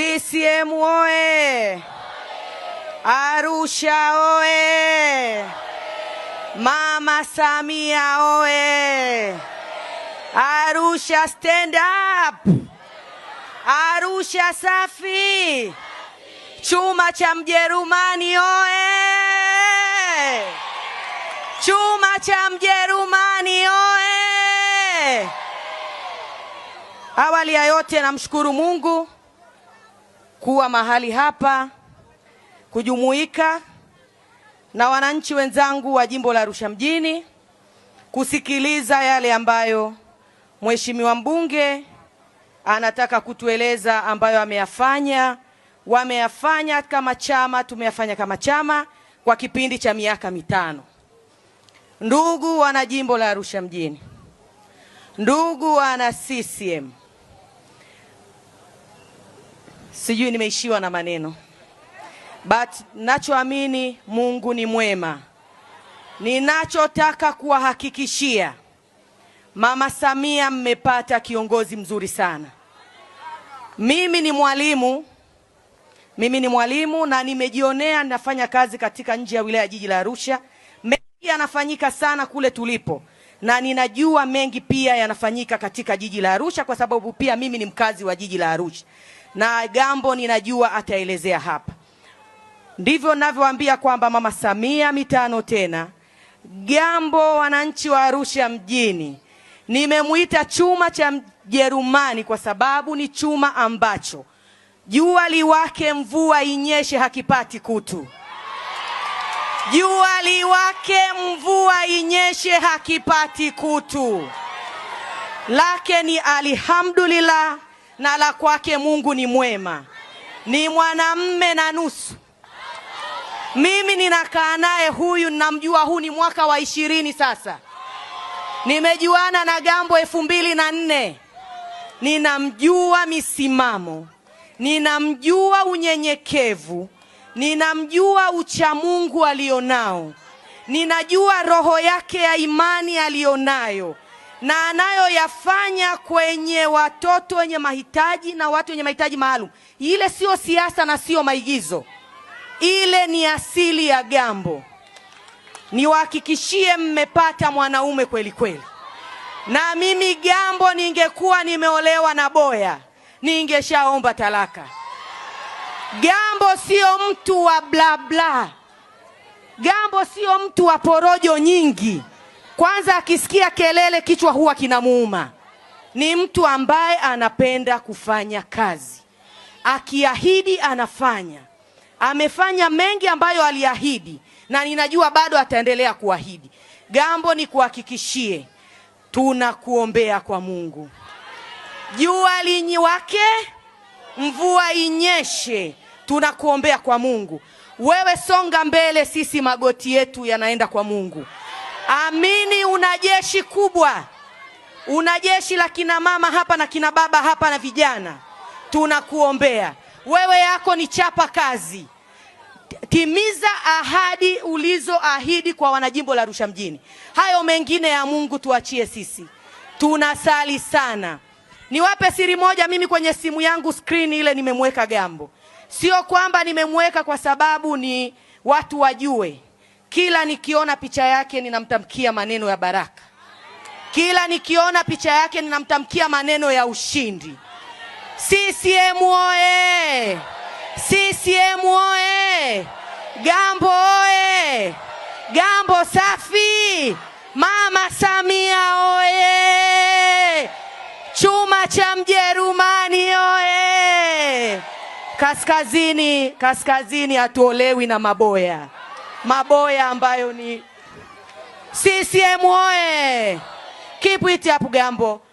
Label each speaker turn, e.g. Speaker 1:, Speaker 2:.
Speaker 1: CCM oye! Arusha oye! Mama Samia oye! Arusha stand up! Arusha safi! Chuma cha Mjerumani oye! Chuma cha Mjerumani oye! Awali ya yote namshukuru Mungu kuwa mahali hapa kujumuika na wananchi wenzangu wa jimbo la Arusha mjini kusikiliza yale ambayo mheshimiwa mbunge anataka kutueleza ambayo ameyafanya, wameyafanya kama chama, tumeyafanya kama chama kwa kipindi cha miaka mitano. Ndugu wana jimbo la Arusha mjini, ndugu wana CCM, sijui nimeishiwa na maneno, but nachoamini Mungu ni mwema. Ninachotaka kuwahakikishia Mama Samia, mmepata kiongozi mzuri sana. Mimi ni mwalimu, mimi ni mwalimu na nimejionea, nafanya kazi katika nje ya wilaya jiji la Arusha. Mengi yanafanyika sana kule tulipo, na ninajua mengi pia yanafanyika katika jiji la Arusha kwa sababu pia mimi ni mkazi wa jiji la Arusha na Gambo ninajua ataelezea hapa. Ndivyo ninavyowaambia kwamba Mama Samia mitano tena. Gambo, wananchi wa Arusha mjini, nimemwita chuma cha Mjerumani kwa sababu ni chuma ambacho jua liwake, mvua inyeshe, hakipati kutu. Jua liwake, mvua inyeshe, hakipati kutu. Lake ni alhamdulillah na la kwake Mungu ni mwema, ni mwanamme na nusu. Mimi ninakaa naye huyu, ninamjua, huu ni mwaka wa ishirini sasa. Nimejuana na Gambo elfu mbili na nne. Ninamjua misimamo, ninamjua unyenyekevu, ninamjua uchamungu alionao, ninajua roho yake ya imani alionayo na anayoyafanya kwenye watoto wenye mahitaji na watu wenye mahitaji maalum. Ile siyo siasa na siyo maigizo, ile ni asili ya Gambo. Niwahakikishie mmepata mwanaume kweli kweli. Na mimi Gambo, ningekuwa nimeolewa na Boya ningeshaomba talaka. Gambo sio mtu wa bla bla. Gambo sio mtu wa porojo nyingi. Kwanza akisikia kelele kichwa huwa kinamuuma. Ni mtu ambaye anapenda kufanya kazi, akiahidi anafanya. Amefanya mengi ambayo aliahidi, na ninajua bado ataendelea kuahidi. Gambo, ni kuhakikishie tunakuombea kwa Mungu, jua linyiwake, mvua inyeshe, tunakuombea kwa Mungu. Wewe songa mbele, sisi magoti yetu yanaenda kwa Mungu. Amini una jeshi kubwa, una jeshi la kina mama hapa na kina baba hapa na vijana, tunakuombea wewe. Yako ni chapa kazi, timiza ahadi ulizoahidi kwa wanajimbo la Arusha Mjini. Hayo mengine ya Mungu tuachie sisi, tunasali sana. Niwape siri moja, mimi kwenye simu yangu skrini ile nimemweka Gambo, sio kwamba nimemweka kwa sababu ni watu wajue kila nikiona picha yake ninamtamkia maneno ya baraka. Kila nikiona picha yake ninamtamkia maneno ya ushindi. CCM oye! CCM oye! Gambo oye! Gambo safi! Mama Samia oye! Chuma cha Mjerumani oye! Kaskazini, kaskazini hatuolewi na maboya maboya ambayo ni CCM oye! Keep it up Gambo.